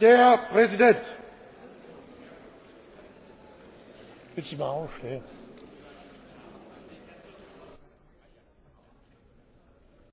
herr präsident! ich will sie mal aufstellen.